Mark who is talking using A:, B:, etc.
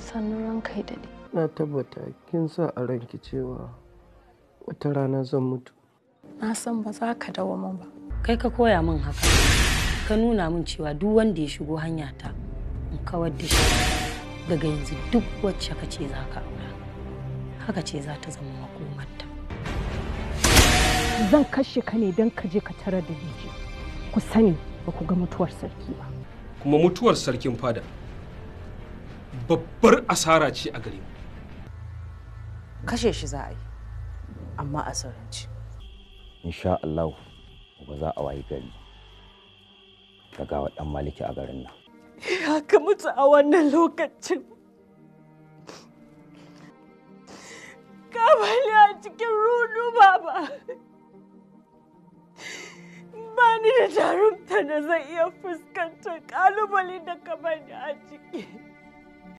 A: sannu ranka ya daɗe.
B: Na tabbata kin sa a ranki cewa wata rana zan mutu.
A: Na san ba za ka dawo min ba. Kai ka koya min haka. Ka nuna min cewa duk wanda ya shigo hanyata in kawar da shi
C: daga yanzu duk wacce ka ce za ka aura. Haka ce za ta zama makomarta. Zan kashe ka ne don ka je ka tarar da Ku sani ba ku ga mutuwar sarki ba.
B: Kuma mutuwar sarkin fada babbar asara ce a gare mu
C: kashe shi za a yi
D: amma a sauranci.
E: insha Allah ba za a wayi gari daga gawa dan maliki a garin nan
D: ya kamata a wannan lokacin ka a cikin rudu baba ba ni da jarumta da zai iya fuskantar kalubale da ka bani a ciki